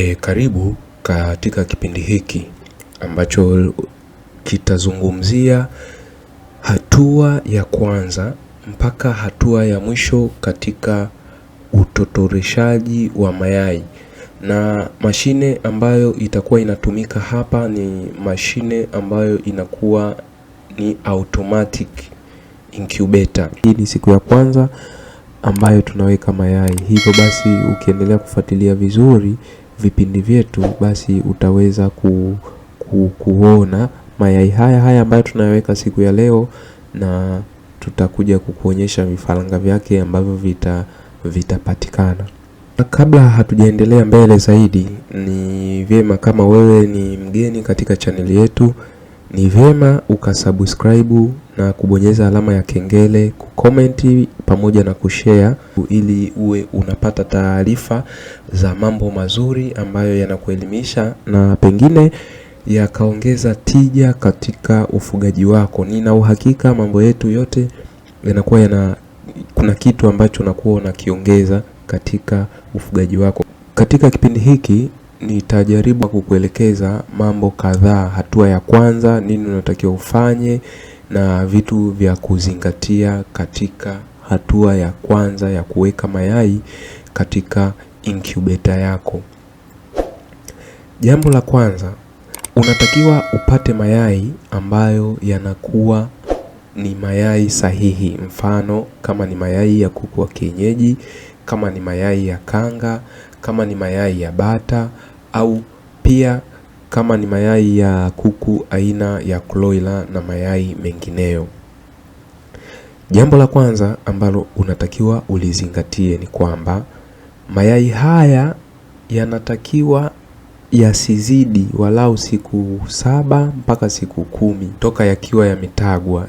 E, karibu katika kipindi hiki ambacho kitazungumzia hatua ya kwanza mpaka hatua ya mwisho katika utotoreshaji wa mayai, na mashine ambayo itakuwa inatumika hapa ni mashine ambayo inakuwa ni automatic incubator. Hii ni siku ya kwanza ambayo tunaweka mayai, hivyo basi ukiendelea kufuatilia vizuri vipindi vyetu, basi utaweza ku, ku, kuona mayai haya haya ambayo tunayaweka siku ya leo, na tutakuja kukuonyesha vifaranga vyake ambavyo vita vitapatikana. Na kabla hatujaendelea mbele zaidi, ni vyema kama wewe ni mgeni katika chaneli yetu ni vyema ukasubscribe na kubonyeza alama ya kengele, kukomenti pamoja na kushare ili uwe unapata taarifa za mambo mazuri ambayo yanakuelimisha na pengine yakaongeza tija katika ufugaji wako. Nina uhakika mambo yetu yote yanakuwa yana kuna kitu ambacho unakuwa unakiongeza katika ufugaji wako. Katika kipindi hiki nitajaribu kukuelekeza mambo kadhaa. Hatua ya kwanza, nini unatakiwa ufanye na vitu vya kuzingatia katika hatua ya kwanza ya kuweka mayai katika incubator yako. Jambo la kwanza, unatakiwa upate mayai ambayo yanakuwa ni mayai sahihi. Mfano, kama ni mayai ya kuku wa kienyeji, kama ni mayai ya kanga, kama ni mayai ya bata au pia kama ni mayai ya kuku aina ya kloila na mayai mengineyo. Jambo la kwanza ambalo unatakiwa ulizingatie ni kwamba mayai haya yanatakiwa yasizidi walau siku saba mpaka siku kumi toka yakiwa yametagwa,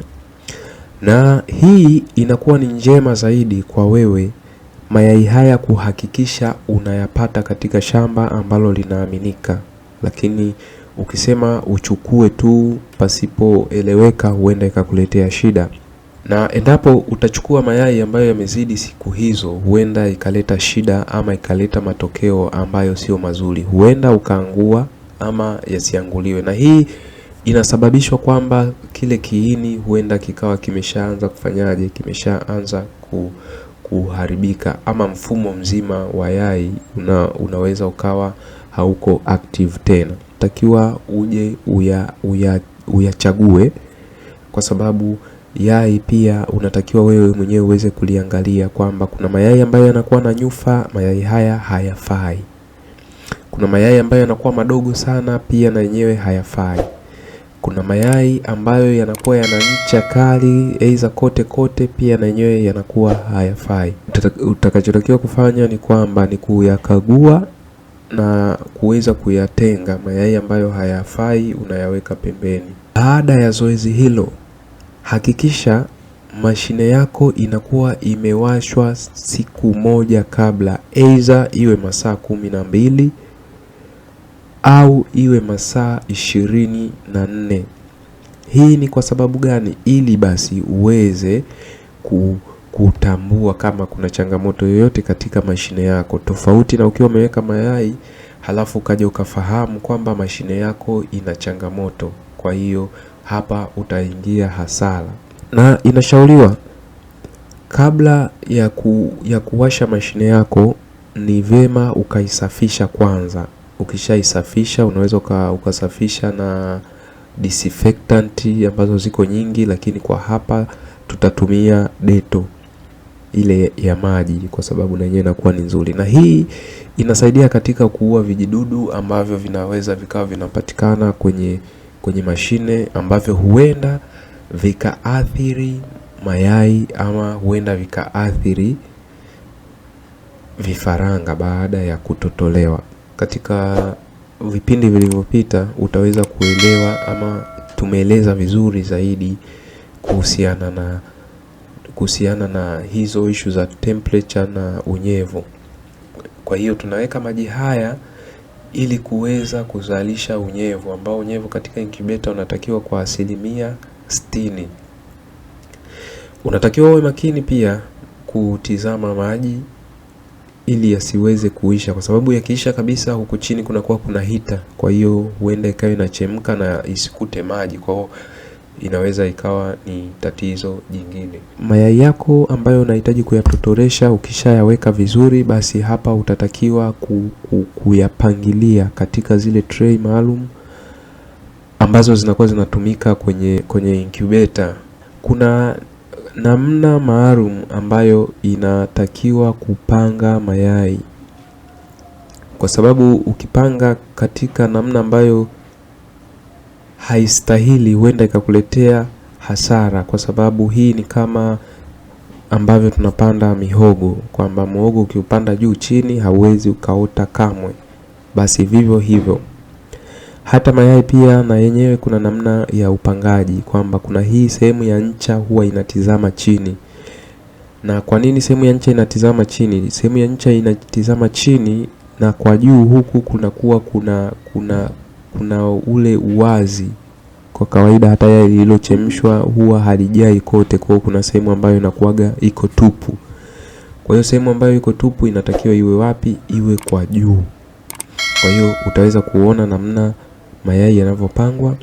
na hii inakuwa ni njema zaidi kwa wewe Mayai haya kuhakikisha unayapata katika shamba ambalo linaaminika, lakini ukisema uchukue tu pasipoeleweka, huenda ikakuletea shida, na endapo utachukua mayai ambayo yamezidi siku hizo, huenda ikaleta shida ama ikaleta matokeo ambayo sio mazuri, huenda ukaangua ama yasianguliwe, na hii inasababishwa kwamba kile kiini huenda kikawa kimeshaanza kufanyaje, kimeshaanza ku kuharibika ama mfumo mzima wa yai una, unaweza ukawa hauko active tena. Takiwa uje uya, uya, uyachague kwa sababu yai pia unatakiwa wewe mwenyewe uweze kuliangalia kwamba kuna mayai ambayo yanakuwa na nyufa, mayai haya hayafai. Kuna mayai ambayo yanakuwa madogo sana, pia na yenyewe hayafai. Kuna mayai ambayo yanakuwa yana ncha kali aidha kote kote, pia na yenyewe yanakuwa hayafai. Utakachotakiwa kufanya ni kwamba ni kuyakagua na kuweza kuyatenga mayai ambayo hayafai, unayaweka pembeni. Baada ya zoezi hilo, hakikisha mashine yako inakuwa imewashwa siku moja kabla, aidha iwe masaa kumi na mbili au iwe masaa ishirini na nne. Hii ni kwa sababu gani? Ili basi uweze kutambua kama kuna changamoto yoyote katika mashine yako, tofauti na ukiwa umeweka mayai halafu ukaja ukafahamu kwamba mashine yako ina changamoto, kwa hiyo hapa utaingia hasara. Na inashauriwa kabla ya, ku, ya kuwasha mashine yako ni vema ukaisafisha kwanza. Ukishaisafisha unaweza ukasafisha na disinfectant ambazo ziko nyingi, lakini kwa hapa tutatumia deto ile ya maji kwa sababu na yenyewe inakuwa ni nzuri, na hii inasaidia katika kuua vijidudu ambavyo vinaweza vikawa vinapatikana kwenye, kwenye mashine ambavyo huenda vikaathiri mayai ama huenda vikaathiri vifaranga baada ya kutotolewa katika vipindi vilivyopita utaweza kuelewa ama tumeeleza vizuri zaidi kuhusiana na kuhusiana na hizo ishu za temperature na unyevu. Kwa hiyo tunaweka maji haya ili kuweza kuzalisha unyevu ambao unyevu katika incubator unatakiwa kwa asilimia sitini. Unatakiwa uwe makini pia kutizama maji ili yasiweze kuisha, kwa sababu yakiisha kabisa huku chini kunakuwa kuna hita, kwa hiyo huenda ikawa inachemka na isikute maji, kwa hiyo inaweza ikawa ni tatizo jingine. Mayai yako ambayo unahitaji kuyatotoresha, ukishayaweka vizuri, basi hapa utatakiwa ku, ku, kuyapangilia katika zile tray maalum ambazo zinakuwa zinatumika kwenye, kwenye incubator. Kuna namna maalum ambayo inatakiwa kupanga mayai, kwa sababu ukipanga katika namna ambayo haistahili huenda ikakuletea hasara, kwa sababu hii ni kama ambavyo tunapanda mihogo kwamba muhogo ukiupanda juu chini hauwezi ukaota kamwe. Basi vivyo hivyo hata mayai pia na yenyewe kuna namna ya upangaji kwamba kuna hii sehemu ya ncha huwa inatizama chini. Na kwa nini sehemu ya ncha inatizama chini? Sehemu ya ncha inatizama chini na kwa juu huku kunakuwa kuna kuna kuna ule uwazi. Kwa kawaida hata yai lililochemshwa huwa halijai kote, kwa hiyo kuna sehemu ambayo inakuwaga iko tupu. Kwa hiyo sehemu ambayo iko tupu inatakiwa iwe wapi? Iwe kwa juu. Kwa hiyo utaweza kuona namna mayai yanavyopangwa,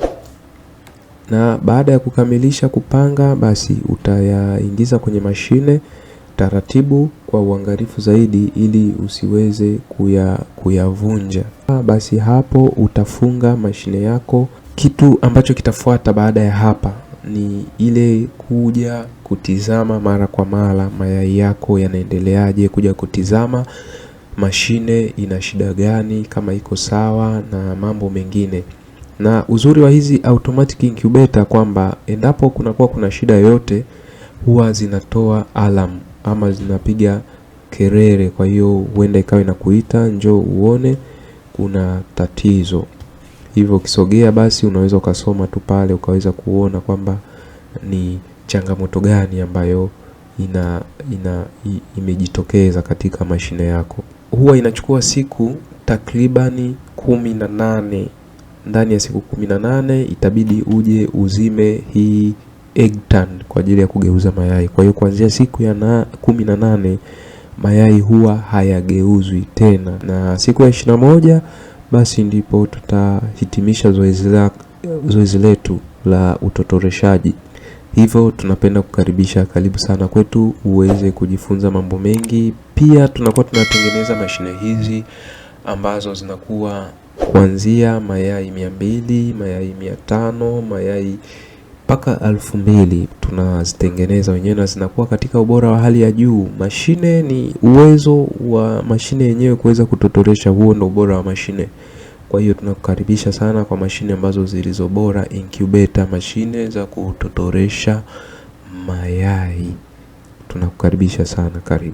na baada ya kukamilisha kupanga, basi utayaingiza kwenye mashine taratibu kwa uangalifu zaidi ili usiweze kuya, kuyavunja. Basi hapo utafunga mashine yako. Kitu ambacho kitafuata baada ya hapa ni ile kuja kutizama mara kwa mara mayai yako yanaendeleaje, kuja kutizama mashine ina shida gani, kama iko sawa na mambo mengine. Na uzuri wa hizi automatic incubator kwamba endapo kunakuwa kuna shida yoyote huwa zinatoa alarm ama zinapiga kelele. Kwa hiyo huenda ikawa inakuita njoo uone kuna tatizo hivyo, ukisogea basi unaweza ukasoma tu pale ukaweza kuona kwamba ni changamoto gani ambayo ina, ina, imejitokeza katika mashine yako huwa inachukua siku takribani kumi na nane. Ndani ya siku kumi na nane itabidi uje uzime hii egg turn kwa ajili ya kugeuza mayai. Kwa hiyo kuanzia siku ya na kumi na nane mayai huwa hayageuzwi tena, na siku ya ishirini na moja basi ndipo tutahitimisha zoezi la zoezi letu la utotoreshaji. Hivyo tunapenda kukaribisha, karibu sana kwetu uweze kujifunza mambo mengi. Pia tunakuwa tunatengeneza mashine hizi ambazo zinakuwa kuanzia mayai mia mbili, mayai mia tano, mayai mpaka elfu mbili tunazitengeneza wenyewe na zinakuwa katika ubora wa hali ya juu. Mashine ni uwezo wa mashine yenyewe kuweza kutotoresha, huo ndio ubora wa mashine. Kwa hiyo tunakukaribisha sana kwa mashine ambazo zilizo bora, incubator, mashine za kutotoresha mayai. Tunakukaribisha sana, karibu.